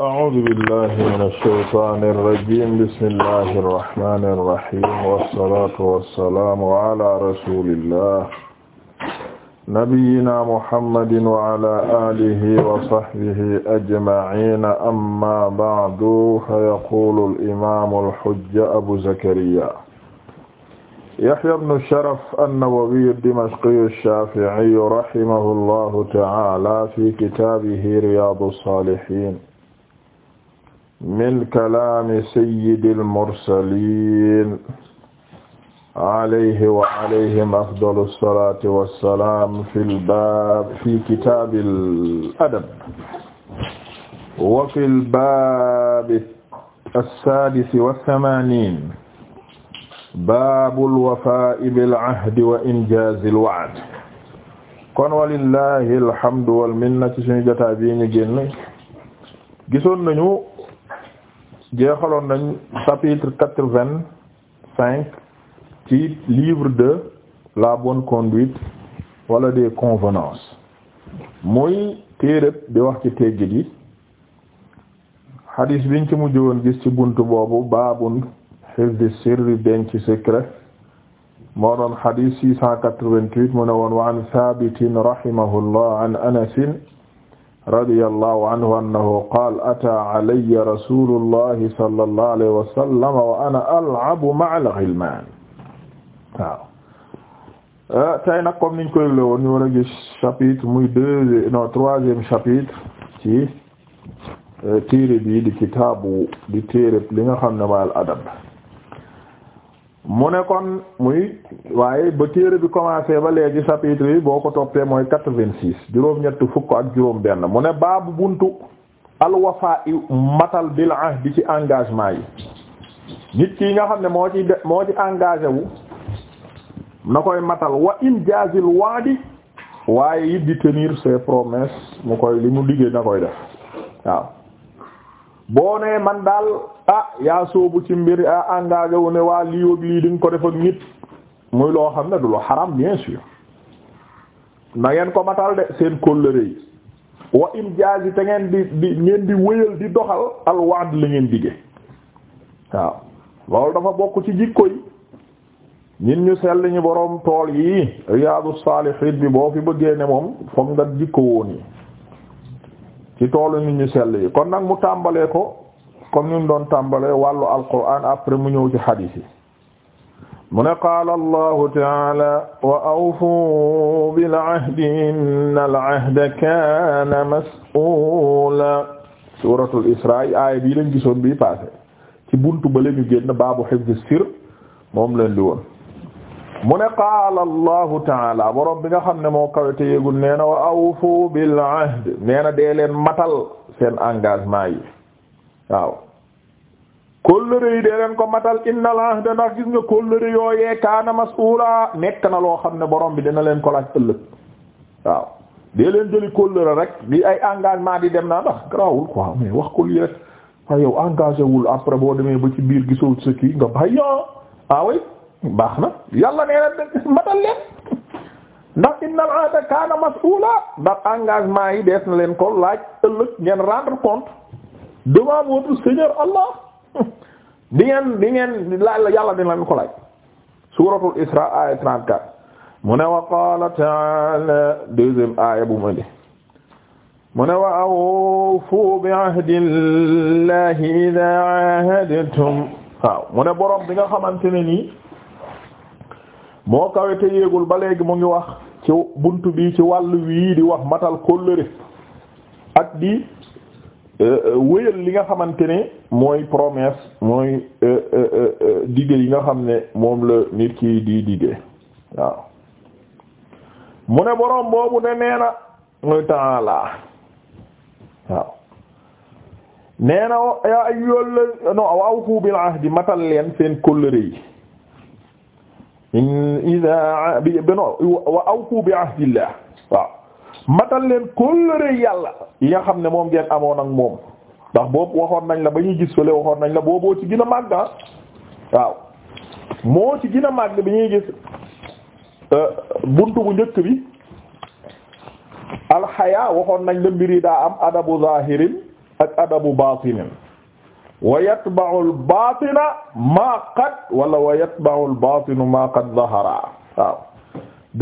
أعوذ بالله من الشيطان الرجيم بسم الله الرحمن الرحيم والصلاة والسلام على رسول الله نبينا محمد وعلى آله وصحبه أجمعين أما بعد فيقول الإمام الحج أبو زكريا يحيى بن الشرف النووي الدمشقي الشافعي رحمه الله تعالى في كتابه رياض الصالحين min kalaami sayyidil mursaliin alayhi wa alayhim afdalu salaati wa salaam fil baab fi kitaabil adab wa fil baabi as-saadisi wa samaaniin baabul wafaa'i bil ahdi wa injaazil wa'd kon walillaahil hamdu wal minna ci suñu jotaay bi ñu génn gisoon nañu jeexaloon nañ chapitre quatre-vingt-cinq ci livre de la bonne conduite wala des convenances muy téeréb di wax ci teggit yi xadiis biñ ci mujj woon gis ci bunt boobu baabun hifdi den denc secret moo doon xadiis six cent quatre-vingt-huit mu ne woon wa an Saabitin rahimahullah an Anasin radiyallahu anhu annahu qaala ataa alayya rasuulullahi sallallahu alayhi wa sallam wa ana al'abu ma'al ghilmaan waaw eh, tey nag comme niñ koy leewoon ñu war a gis chapitre muy deuxième non troisième chapitre ci eh, téere bii di kitaabu di téere li nga xam ne mooy al adab mu ne kon muy waaye ba téere bi commencé ba léegi chapitre yi boo ko toppee mooy quatre-vingt-six juróom-ñett fukk ak juróom-benn mu ne baabu buntu alwafaa i matal bil ahdi ci engagement yi nit ki nga xam ne moo ci de moo ci engagé wu na koy matal wa injaazil waadi waaye it di tenir ses promesses mu koy li mu liggéey na koy def waaw boo nee man daal ah yaa soobu ci mbir ah engagé wu ne waa lii lii di ko def ak nit muy loo xam ne du lu xaram bien sûr na ngeen ko matal de seen kóllëre yi wa injaazi te ngeen di di ngeen di wéyal di doxal al wa'd la ngeen dige waaw loolu dafa bokk ci jikko yi ñin ñu sell ñu boroom tool yi riyaadu saalihiin bi boo fi bëggee ne moom foog nga jikko woon yi ci toolu nit ñu sell yi kon nag mu tàmbalee ko comme ni mu doon tàmbalee wàllu alquran après mu ñëw ci xadiis yi mu ne qaala allahu taala wa awfu bil ahdi inna al kaana mas'uula suuratul israa aaya bii lañ gisoon bii passé ci buntu ba lañu génn baabu hifzi sir moom leen di woon mu ne qaala allahu taala borom bi nga xam ne moo kawete yéegul nee na wa awfu bil ahd nee na leen matal seen engagement yi waaw kóllëre yi dee ko matal inna al ahda ndax gis nga kóllëre yooyee kaana mas'uula nekk na loo xam ne borom bi na leen ko laaj ëllëg waaw dee leen rek li ay engagement di dem naa ndax garaawul quoi mais wax ko rek waaye yow après boo demee ba ci biir gisoo sa kii nga bàyyi ah, ah oui baax na yàlla nee na matal leen ndax innal aada kaana mas'uula ndax engagement yi dees na leen ko laaj ëllëg ngeen rendre compte devant votre Seigneur Allah di ngeen di ngeen laaj yàlla dina leen ko laaj suuratul Isra aaya mu ne wa qaala ta'aala deuxième aaya bu mu mu ne wa awfu bi ahdillahi idaa ahadtum waaw mu ne borom bi nga xamante nii moo kawe yéegul ba léegi mu ngi wax ci bunt bi ci wàll wii di wax matal kóllëre ak di euh, euh, wéyal li nga xamante ni mooy promesse mooy euh, digge yi nga xam ne moom la nit ki di digge waaw mu ne boroom boobu ne nee na muy ta'ala waaw nee na yaa ayyul no matal leen seen kóllëre yi in ida beno wa awfu bi ahdillah waaw matal leen kóllëre yàlla yi nga xam ne moom ngeen amoon ak moom ndax boobu waxoon nañ la ba ñuy gis fële waxoon nañ la booboo ci gën a màgg ah. waaw moo ci gën a bi ñuy gis euh, buntu bu njëkk bi alxaya waxoon nañ la mbiri daa am adabu zahirin ak adabu batinin wa yatba'u al-baatina maa qad wala wa yatba'u al-baatinu maa qad waaw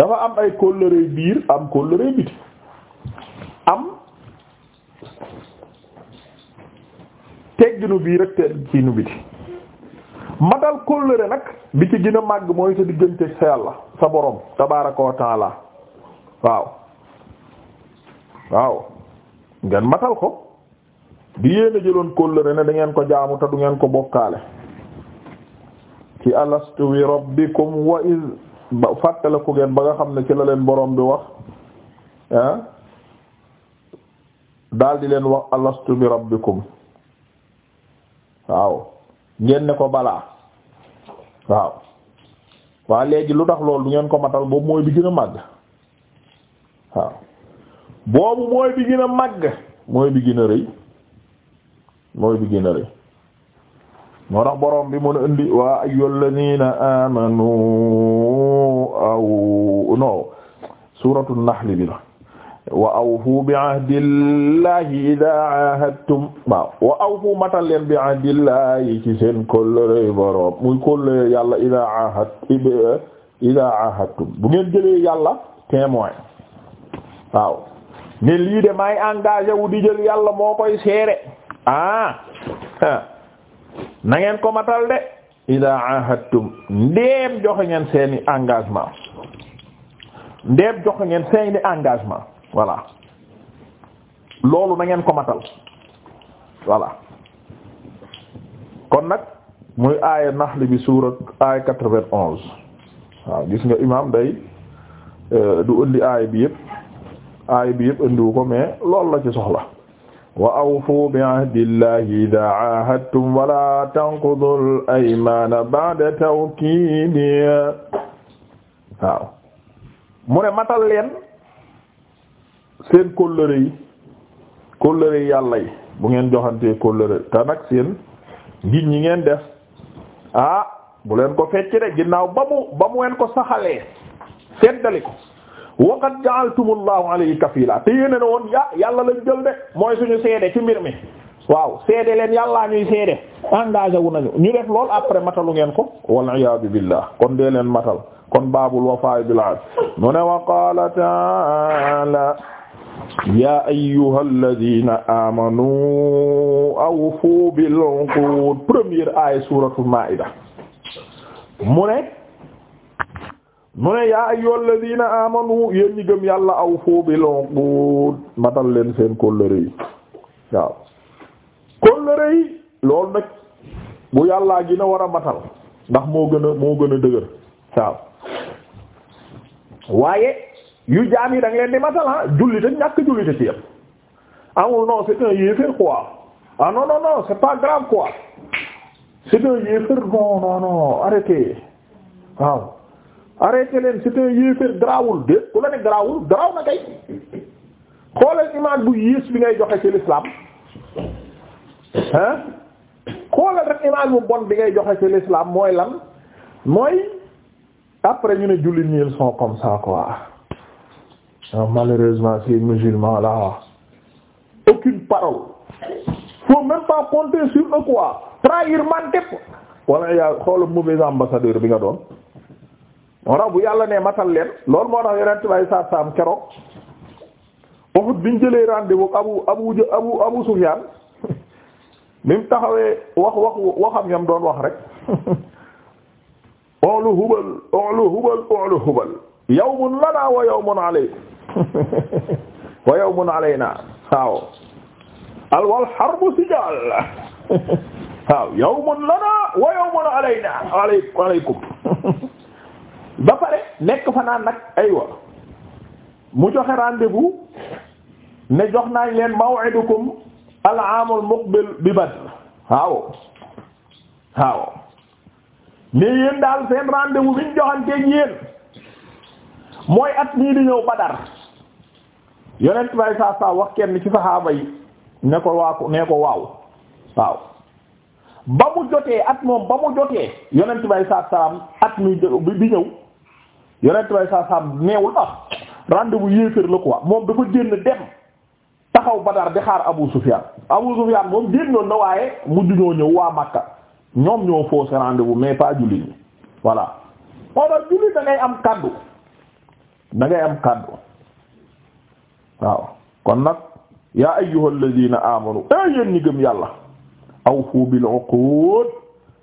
dafa am ay kóllëre biir am kóllëre biti am tegginu biir ak tegginu biti matal kóllëre nag bi ci gën a màgg mooy sa diggante sa yàlla sa borom tabaaraka wa waaw waaw ngeen matal ko bi yéen a jëloon kóllëre ne da ngeen ko jaamu te du ngeen ko bokkaale ci alastu bi rabbikum wa iz fàttale ko ngeen ba nga xam ne ci la leen borom bi wax ah di leen wax alastu bi rabbikum waaw ngeen ne ko balaa waaw waa léegi lu tax lool du ngeen ko matal boobu mooy bi gën a màgg waaw boobu mooy bi gën a màgg mooy bi gën a rëy mooy bi gën a borom bi mën a indi waa ayyul ladina amanu aw no suratul nahl bi la wa awfu bi ahdillahi idaa ahadtum waaw wa awfu matal leen bi ahdillahi ci seen kóllëre borom muy kóllëre yàlla idaa ahad idaa ahadtum bu ngeen jëlee yàlla témoin waaw ne lii may engagé wu di jël yàlla moo koy seere ah, ah. nangeen ko matal de ida ahadtum ndeem joxe ngeen seeni engagement ndeem joxe ngeen seeni engagement voilà loolu na ko matal voilà kon nag muy aaya naxli bi suurat aaya quatre-vingt-onze waaw gis nga imaam day euh, du indi aay bi yëpp aaya bi yëpp indiwu ko mais loolu la ci soxla wa aw bi ahdillahi idha ahadtum wala tanqudul aymana ba'da tawkidiha waaw mu ne matal leen seen kóllëre yi kóllëre yi yàlla yi bu ngeen joxantee kóllëre te seen ngiñ ñi ngeen def ah bu leen ko fecc de ginnaaw ba mu ba mu ngeen ko saxalee seddali ko wa qad ja'altumullahu alayhi kafila te ne woon ya yàlla lañ jël de mooy suñu seede ci mi waaw seede leen yàllaa ñuy seede engagé wu nañu ñu def lool après matalu ngeen ko wal iyaadu billah kon dee matal kon baabul wafaa bil ahd mu wa qaala ta'ala ya ayyuhal ladina amanu awfu bil uqud aaya suuratul maa'ida mu ne mu ne yaa ayyuhal ladina amanu yéen ñi gëm yàlla awfu bil uqud matal leen seen kóllëre yi waaw kóllëre yi loolu nag bu yàlla gina na war a matal ndax moo gën a moo gën a dëgër waaye yu jaam yi da leen di matal ah ñàkk jullit a ci yam amul non c'est un yéeféer quoi ah, c'est pas grave quoi c'est un yéeféer waaw arrêté leen c'est un yéeféer garaawul de ku la ne garaawul garaaw na kay bu yées bi ngay joxe ci l'islam ah xoolal rek bu bon bi ngay joxe ci l'islam mooy lan mooy après ñu ne jullit ñi ils sont comme ça quoi non malheureusement ces musulmans là aucune parole faut même pas compter sur eux quoi trahir man tepp wala yaa xoolal mauvais ambassadeur bi nga doon moo tax bu yàlla ne matal leen lool moo tax yonent bay saab saab keroog Uhud biñ jëlee rendez-vous abu abu abu abu Sufyaan bi mu taxawee wax wax waxam yam doon wax rek olu hubal olu hubal olu hubal yawmun lana wa yawmun alay wa yawmun alayna waaw al wal harbu sijaal wa yawmun alayna alaykum ba pare nekk fa naan nag aywa mu joxe rendez ne jox naa leen maw'idukum al-aamul muqbil bi Badr waaw waaw ne yéen daal seen rendez-vous bi ñu mooy at mii di ñëw Badar yonent bay saa saa wax kenn ci saxaaba yi ne ko waa ko ne ko waaw waaw ba mu jotee at moom ba mu jotee yonent bay saa salaam at mi bi ñëw yonent bay saa saam neewul ah rendez-vous yéeféer la quoi moom dafa génn dem taxaw Badar di xaar Abu Sufyan Abu Sufyan moom génnoon na waaye mujj ñoo ñëw waa Makka ñoom ñoo faussé rendez mais pas jullit ñi voilà moo tax jullit da am kaddu da ngay am kaddu waaw kon nag yaa ayyuhal ladina amanu e eh, yéen ñi gëm yàlla awfu bil uqud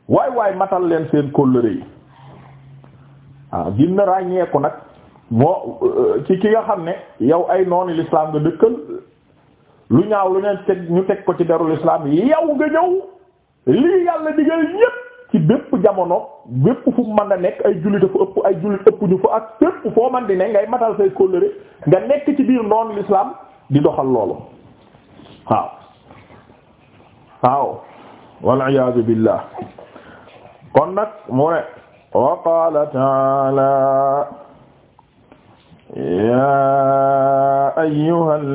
waay waay matal leen seen kóllëre yi ah ginna ràññeeku nag moo ci ki nga xam ne yow ay noonu l'islam nga dëkkal lu ñaaw lu ne teg ñu teg ko ci derul islam yow nga ñëw lii yàlla digal ñépp ci bépp jamono bépp fu mën a nekk ay jullit dafa ëpp ay jullit ëpp ñu fa ak bépp foo man di ne ngay matal say kóllëre nga nekk ci biir noonu lislaam di doxal loolu waaw waaw wal iyaadu billah kon nag mu ne wa qaala ta'aala yaa ayyuhal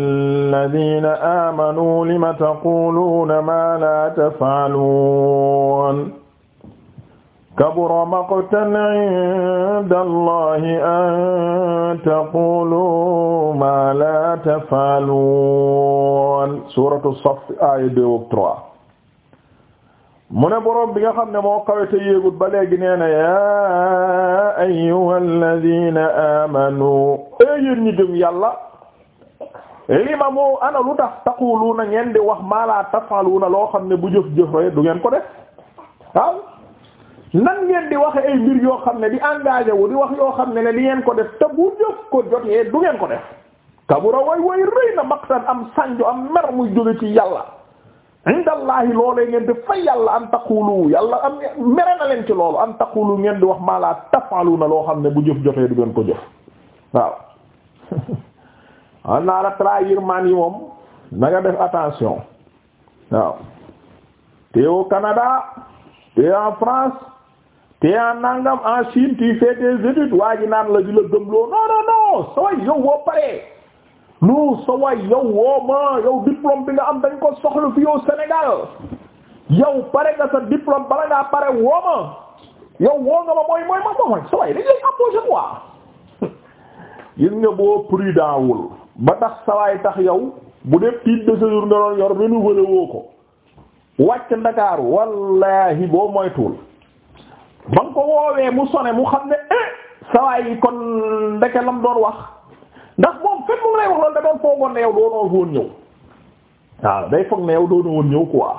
laziina aamanuu lima taquuluuna maa laa taf'aluun kabura maqtan 'inda Allaahi an taquluu maa laa taf'aluun suuratu Saff aaya deux ak trois mu ne boroom bi nga xam ne moo kawe te ba léegi nee na yaa ayyuhal ladina amanu ee yéen ñi gëm yàlla lima moo ana lu tax na ngeen di wax maa la na loo xam ne bu jëf jëf rek du ngeen ko def waaw nan ngeen di waxe ay mbir yoo xam ne di engagé wu di wax yoo xam ne ne di ngeen ko def te bu jëf ko jotee du ngeen ko def kabura way way rëy na maqtan am sanjo am mer muy jóge ci yàlla indallahi loolee ngeen di fay yàlla am taqulu yàlla am mere na leen ci loolu an taqulu ngeen di wax maa la tafaluna loo xam ne bu jëf jotee du ko jëf waaw an naa trahir man yi moom na def attention waaw te au Canada te en France te en en Chine tu fais tes waa ji naan la di la gëmloo non non non sooy yow boo paree non sa waay yow wooma yow diplôme bi nga am dañ ko soxla fi yow Sénégal yow pare nga sa diplôme bala ngaa pare wooma yow woo nga ma mooy mooy ma mooy sa waay dañ nga boo prudent wul ba tax tax yow bu def titre de séjour nga Ndakaaru wallahi boo moytuwul ba ko woowee mu sone mu xam ne eh sa waay kon ndeke lam doon wax ndax kat mu ngi lay wax loolu da doon foogoon ne yow doonoo woon ñëw waaw day foog ne yow doonoo woon ñëw quoi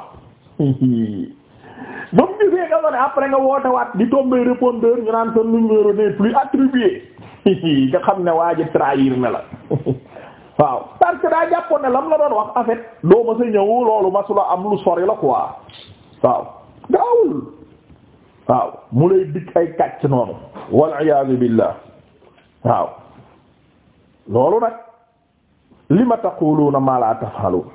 ba mu gisee nga ne après nga woote waat di tombé répondeur ñu naan sa numéro n'est plus attribué nga xam ne waa ji trahir na la waaw parce daa jàppoon ne lam la doon wax en fait doo ma sa ñëw loolu ma su la am lu sori la quoi waaw gaawul waaw mu lay dikk ay kàcc noonu wal waaw loolu nag lima taquluna ma la tafalun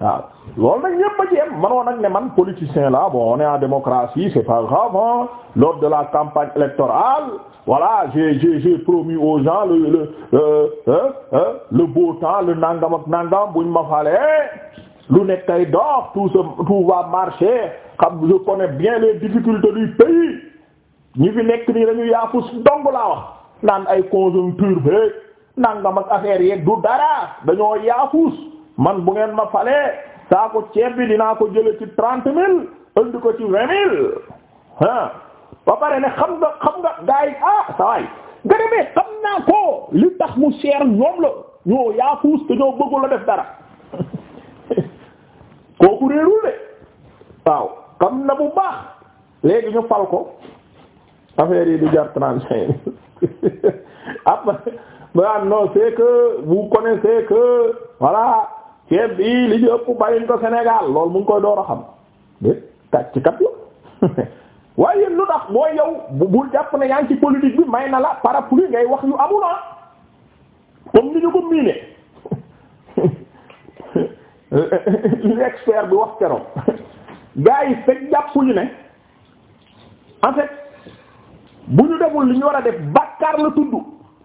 waaw loolu nag ñépp a ci yem man politicien la bon on est en démocratie c'est pas grave hein de la campagne électorale voilà j'ai j'ai j'ai promis aux le le euh, euh, euh le beau le nangam ak nangam buñ ma falee lu nekk ay dox tout ce tout va marcher xam je connais bien les difficultés du pays ñi fi nekk nii dañu yaafus naan ay conjoncture beeg nangam mag affaire yeeg du dara dañoo yaafuus man bu ngeen ma falee saa ko ceeb bi dinaa ko jële ci trente mille indi ko ci vingt mille ah ba pare ne xam nga xam nga gars ah sawaay nga xam naa ko li tax mu cher ñoom la ñoo yaafuus te bëggul la def dara kooku réerul de waaw xam na bu baax léegi ñu fal ko affaire yi du jar trente cinq après ah, maanaam non c'est que vous connaissez que voilà ceeb bi li ñu ëpp bàyyiñ ko Sénégal loolu mu ngi koy door a xam dé ci kat la waaye yéen lu tax mooy yow bul jàpp na yaa ngi ci politique bi may na la parapluie ngay wax yu amul ah comme ni ñu ko miine l'expert bi wax keroog gars yi fekk jàppuñu ne en bu ñu deful li ñu war a def bàkkaar la tudd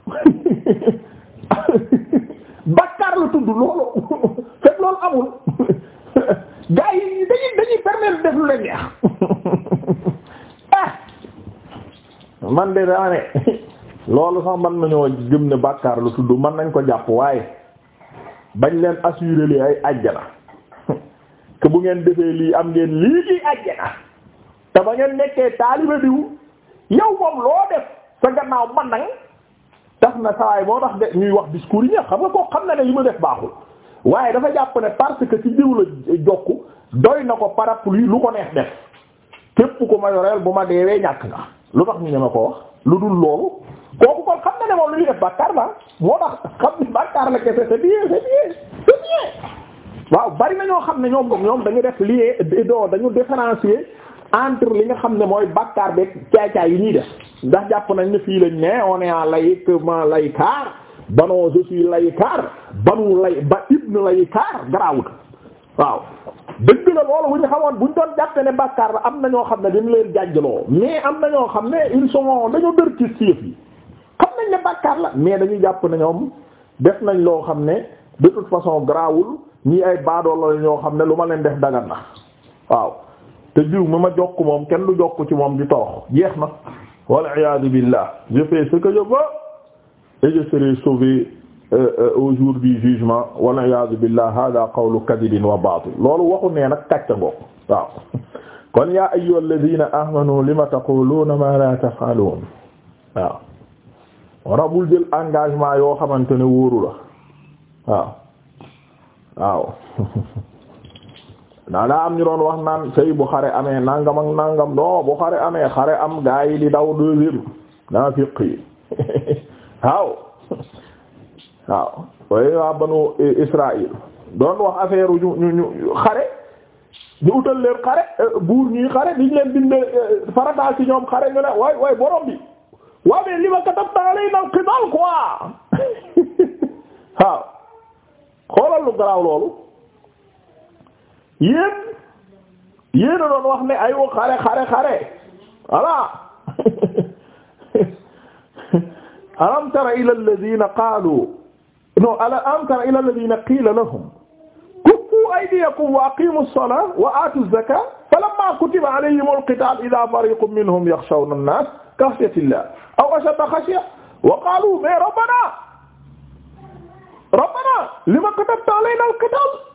bàkkaar la tudd loolu fekk loolu amul gars yi dañuy dañuy def lu leen neex ah man de daa ne loolu sax mën nañoo gëm ne bàkkaar la tudd mën nañ ko jàpp waaye bañ leen assurer li ay àjjana que bu ngeen defee lii am ngeen lii ci àjjana te ba ngeen nekkee taaliba yow moom loo def sa gannaaw man nag tax na sawaay moo tax de ñuy wax discours yi ñëpp xam nga koo xam na ne li ma def baaxul waaye dafa jàpp ne parce que ci diw la jokk doy na ko parapluie lu ko neex def képp ku ma yoreel bu ma deewee ñàkk nga lu tax ñu ne ko wax lu dul loolu kooku kon xam na ne moom lu ñuy def bàkkaar la moo tax xam ni bàkkaar la kese c'est bien c'est bien c'est waaw bari na ñoo xam ne ñoom ñoom dañu def lie do dañu différencier entre li nga xam ne mooy bàkkaar beeg caay-caay yi ñuy def ndax jàpp nañ ne fii lañ ne on lay à laïquement laïcard banoo je suis laïcard banu lay ba ibn laïcard garawut waaw dëgg la loolu bu ñu xamoon bu ñu doon jàpp ne bàkkaar la am na ñoo xam ne dañu leen jàjjaloo am na ñoo xam ne ils sont dañoo dër ci siif mais dañu jàpp ne ñoom nañ loo xam ne de toute ñii ay baadoolo la ñoo xam ne lu ma leen def dagan na waaw te diw ma ma jokk moom kenn lu jokk ci moom di torox jeex na wal iyaadu billah je fais ce que je veux et je euh, euh, jour du jugement wal iyaadu billah hada qawlu kadibin wa baatil loolu waxu nee nag kàcca ngoog waaw kon ya ayyuhal ladina amanu lima taquluna ma la taf'alun waaw wara bul jël engagement yoo xamante ne wóoru la daa daa am ñu doon wax naan sëy bu xare amee nangam nangam do bu xare amee xare am gaa yi di daw deuxième naa fiq yi waaw way banu Israël doon wax affaire ñu ñu ñu xare ñu utal leen xare euh, buur ñuy xare diñ leen binde euh, farataal ñoom xare ñu ne waay borom bi waaw mais li ma katab taalay nal qital quoi waaw xoolal lu garaaw loolu yéen yéen a doon wax ne ay wo xare xare xare voilà alam tara ila alladhina qaalu no alam tara ila alladhina qiila lahum kuffu aydiyakum wa aqimu as-salata wa aatu az-zakata falamma kutiba alayhim al-qitaal idha fariqun minhum yakhshawna an-nas kakhshati llah aw ashadda khashya wa qaalu rabbana rabbana lima katabta alayna al-qitaal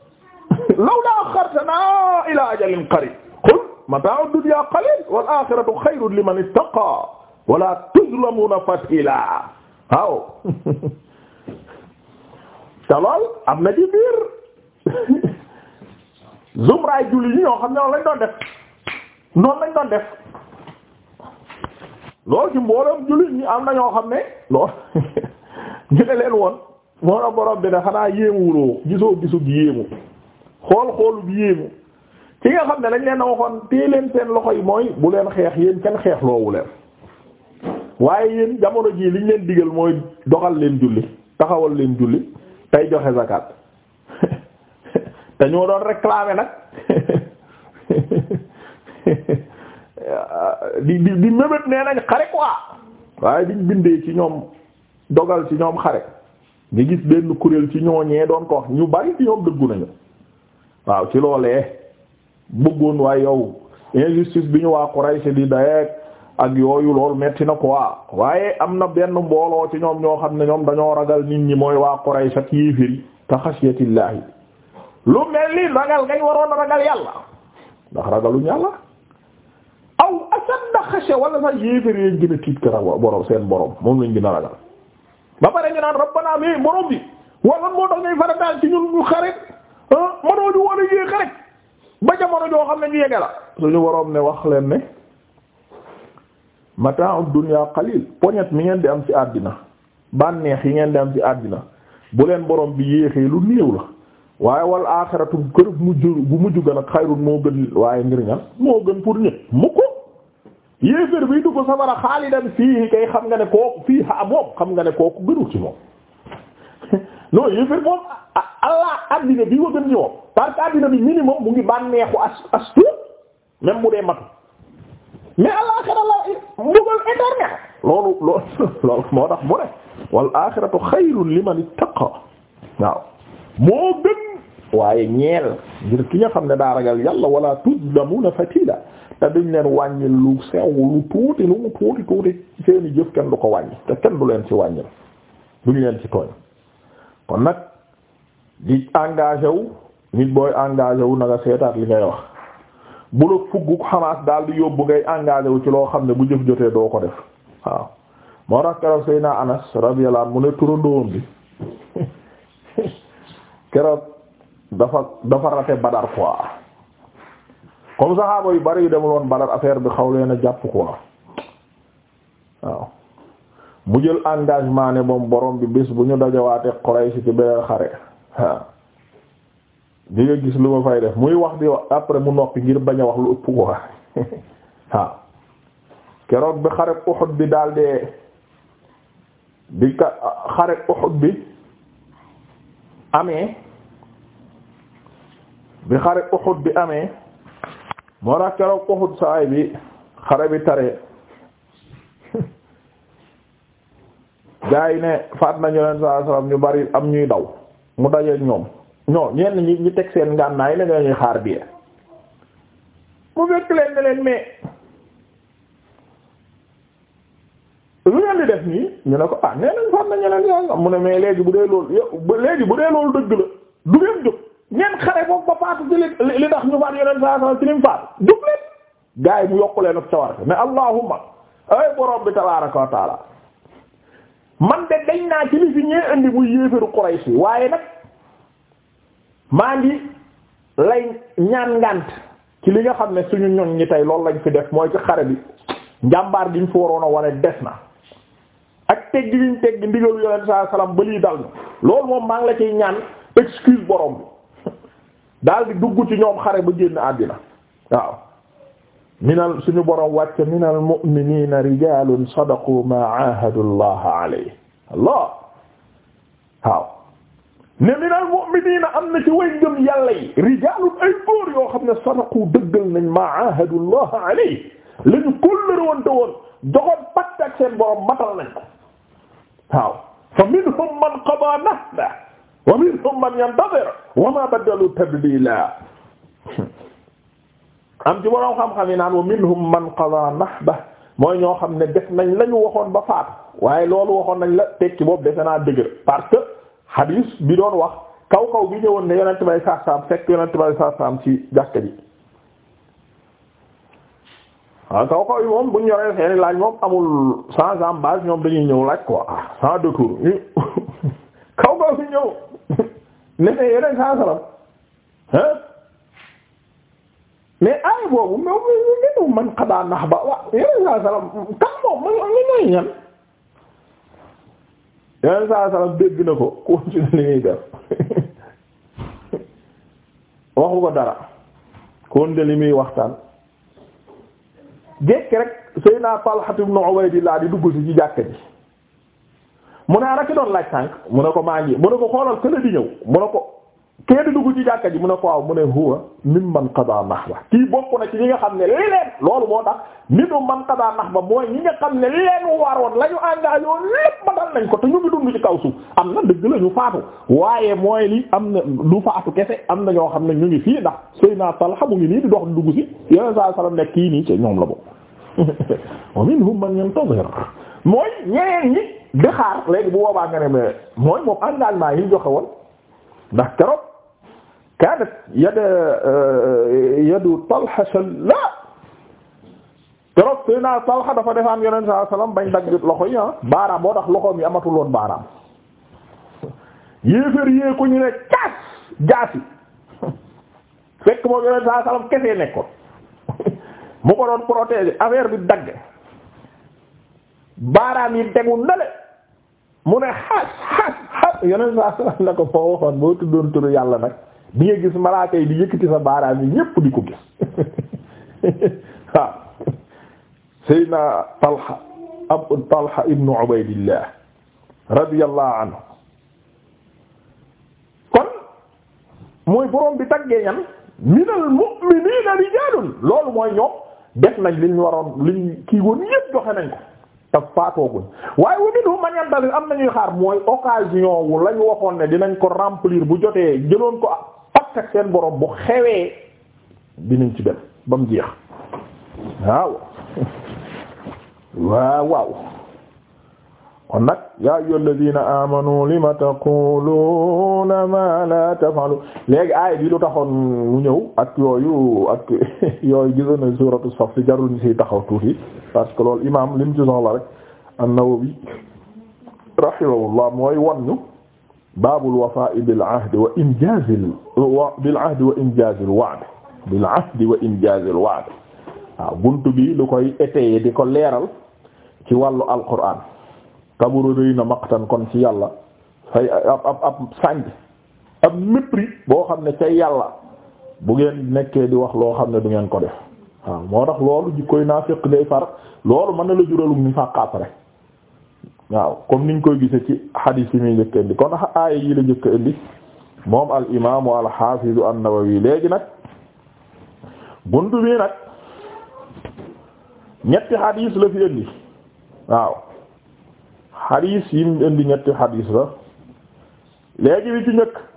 law laa axxartanaa ilaa ajalin qariib qul mataa'u dunyaa qaliil wal aaxiratu xayrun liman ittaqaa wa laa tuzlamuuna fatiilaa waaw te lool am na ci zumraay julli ñi ñoo xam ne noonu lañ doon def lañ doon def loolu ci mbooloom julli am na ñoo xam ne lool ñu ne leen woon moo na borom bi ne xanaa yéemuwuloo gisoo gisu gi xool xoolu bi yéemu ci nga xam ne dañ leen a waxoon téye leen seen loxo yi mooy bu leen xeex yéen kenn xeex loowu leen waaye yéen jamono jii liñ leen digal mooy doxal leen julli taxawal leen julli tey joxe zakat te ñoo doon réclamer nag di di di mébét nee nañ xare quoi waaye diñ bindee ci ñoom dogal ci ñoom xare nga gis benn kuréel ci ñooñee doon ko wax ñu bari ci ñoom dëggu nañu waaw ci loolee bëggoon waaye yow injustice bi ñu waa Quraysh di dayeeg ak yooyu loolu metti na ko waa waaye am na benn mbooloo ci ñoom ñoo xam ne ñoom dañoo ragal nit ñi mooy waa Quraysh ak yéefiri ka xasiyatillaahi lu mel ni ragal gañ waroon a ragal yàlla ndax ragaluñ yàlla aw asadda xasha wala sax yéefiri lañ gën a tiit ka borom seen borom moom lañ gën a ragal ba pare ñu naan rabbana mi borom bi wala moo tax ngay farataal ci mënoo ñu war rek ba jamono joo xam ne ñu yege la suñu waroom ne wax leen ne mata'ud dunya qalil poñet mi ngeen di am ci àddina bànneex yi ngeen di am ci àddina bu leen borom bi yéexee lu néew la waaye wal aaxiratu kër bu mujj gën a xayrun moo gën waaye ngir ñan moo gën pour ñëpp mu ko yéeféer biy dugg safara xaalidan fii kay xam nga ne kooku fii ha moom xam nga ne kooku gënu ci moom non yéefér moom ah, allah addina bi wa gën ci moom parce que addina bi minimum mu ngi bànneexu as as tuut même mu dee matu mais alaaxira la mu ne wal ki nga xam ne daa ragal yàlla wala tudlamuna fatida te duñ leen wàññil lu sew lu tuuti lu mu tuuti tuuti seeni jëf kenn du ko wàññi te kenn du leen ci wàññil duñ leen ci tooñ kon nag di engagé wu nit booy engagé wu na nga seetaat li ngay wax bu la fugg xamaas daal di yóbbu ngay engagé wu ci loo xam ne bu jëf jotee doo ko def waaw moo tax keroog Seydina Anas radiyallahu anhu mu ne turandoom bi keroog dafa dafa rate Badar quoi comme saxaaba yu bari yu demuloon Badar affaire bi xaw leen a jàpp quoi waaw mu jël engagement ne moom borom bi bés bu ñu dajawaate Quraysh ci beneen xare waaw di nga gis lu ma fay def muy wax di wax après mu noppi ngir bañ a wax lu ëpp ko waaw keroog bi xare Uhud bi daal dee bi ka xare Uhud bi amee bi xare Uhud bi amee moo tax keroog Uhud saay bi xare bi tare gaa yi ne faat nañu leen saa salaam ñu bari am ñuy daw mu dajeeg ñoom non ñenn ñi ñu teg seen ngànnaay la ñuy xaar biir mu fekk leen ne leen mais lu ngeen di def nii ñu ne ko ah nee nañ faat nañu leen saa salaam mu ne mais léegi bu dee loolu léegi bu dee loolu dëgg la du ngeen jóg xare boobu ba faatu ci li li tax ñu faat yeneen saa salaam ci lim faatu jóg leen gaa yi mu yokk leen ak cawarte mais allahumma ay borom bi tabaaraka wa man de dañ naa ci li fi ñee indi muy yéeféru Quraysh yi waaye nag maa ngi lay ñaan ngànt ci li nga xam ne suñu ñoñ ñi tey loolu lañ fi def mooy ci xare bi njàmbaar gi ñu fi waroon a wane des na ak tegg gi ñu tegg ndigalu yonent saa salaam ba lii dal na loolu moom maa ngi la ciy ñaan excuse borom bi daal di dugg ci ñoom xare ba génn àddina waaw minal suñu borom wàcce minal mu'miniina rijaalun sadaqu maa aahadu llaha alayhi allah waaw ne minal mu'miniina am na ci way ngëm yàlla yi rijaalun ay góor yoo xam ne sadaqu dëggal nañ maa aahadu llaha alayhi la ñu kóllërewoonte woon joxoon pacte ak seen borom matal nañ ko waaw fa minhum man qadaa nahbahu wa minhum man yantazir wa maa baddalu tabdiila am ci borom xam-xam yi naan wa minhum man qada nahba mooy ñoo xam ne def nañ lañu waxoon ba faatu waaye loolu waxoon nañ la tekki boobu defe naa dëgër parce que hadis bi doon wax kaw kaw bi ñëwoon ne yonent bay saasaam fekk yonent bay saasaam ci jàkka ji. waaw ah, kaw kaw yi moom bu ñu yoree seeni laaj moom amul sans embase ñoom dañuy ñëw laaj quoi ah, sans détour kaw kaw yi ñëw ne ne yeneen saa salaam mais aay boobu moom ngeen man xadaa nax ba waaw yeneen saa salaam kan moom man ñooy ñan yeneen saa salaam dégg na ko continue li muy def waxu ko dara continue li muy waxtaan jekk rek Seydina Talha ibn Ubaydillah di dugg si ci jàkka ji mu ne ara doon laaj sànq mu ne ko maa ngi mu ne ko xoolal kële di ñëw mu ne ko kee di dugg ci jàkka ji mun ne ko waaw mu ne huwa min man qada nahba kii bokk na ci ñi nga xam ne li leen loolu moo tax minu man qada nahba mooy ñi nga xam ne li leen waroon la ñu engagé woon lépp ñu ngi dund ci am na dëgg la ñu faatu waaye mooy am na lu faatu kese am na ñoo xam ne ñu ngi fii ndax Seydina Talha mu ngi nii di dox dugg si yeneen saa salaam nekk kii nii ci la bokk wa minhum man yantazir mooy ñeneen ñi di xaar léegi bu boobaa nga ne mooy moom engagement yi ñu joxe woon ndax keroog kaanat yad yadu Talha shalla trop naa Talha dafa defaan yonent saa salaam bañ dagg loxo yi ah. baaraam moo tax loxoom yi amatul baaraam yéefar yée ko ñu ne caas jaasi fekk moom yonent saa salaam kese nekkoon mu ko doon protéger affaire bi dagg baaraam yi tegu nale mu ne xas xas xas yonent saa salaam la ko waxoon boo tuddoon turu yàlla nag. bi nga gis malaaka yi di yëkkati sa baaraam yi ñépp di ko gis waaw Seydina ab Talha ibnu Ubaydillah radiyallahu anhu kon mooy borom bi taggee ñan minal mu'minina rijaalun loolu mooy ñoom def nañ liñ waroon liñ kii woon ñépp joxe nañ ko te faatooguñ waaye wa minhum man yantadir am nañuy xaar mooy occasion wu lañ waxoon ne dinañ ko rampliir bu jotee jëloon ko pacte seen borom bu xewee dinañ ci dem ba mu jeex waaw waaw waaw kon nag yaa ayyuhal ladina amanu lima ma la taf'alu léegi aay bi lu taxoon mu ñëw ak yooyu ak yooyu gisoon na suratu si jarul ñu siy taxaw tuuti parce que loolu imam li mu ci soxla rek an-Nawawi rahimahullah mooy wan ñu baabul wafaa'i bil ahdi wa injaazil bil ahdi wa injaazil wa'd bil ahdi wa injaazil wa'd waaw buntu bi lu koy étayer di ko leeral ci wàllu alquraan kaburu rëy na maqtan kon ci yàlla fay ab ab ab sànj ab mépris boo xam ne ca yàlla bu ngeen nekkee di wax loo xam ne du ngeen ko def waaw moo tax loolu jikkoy naafiq day far loolu mën na la juralu nifaaq après waaw comme niñ koy gise ci hadis yi muy njëkk indi kon aaya yi la njëkk indi moom al imaamu al xaafizu an-Nawawi léegi nag buntu bi nag ñetti hadis la fi indi waaw hadis yi mu indi ñetti hadis la léegi bi ci njëkk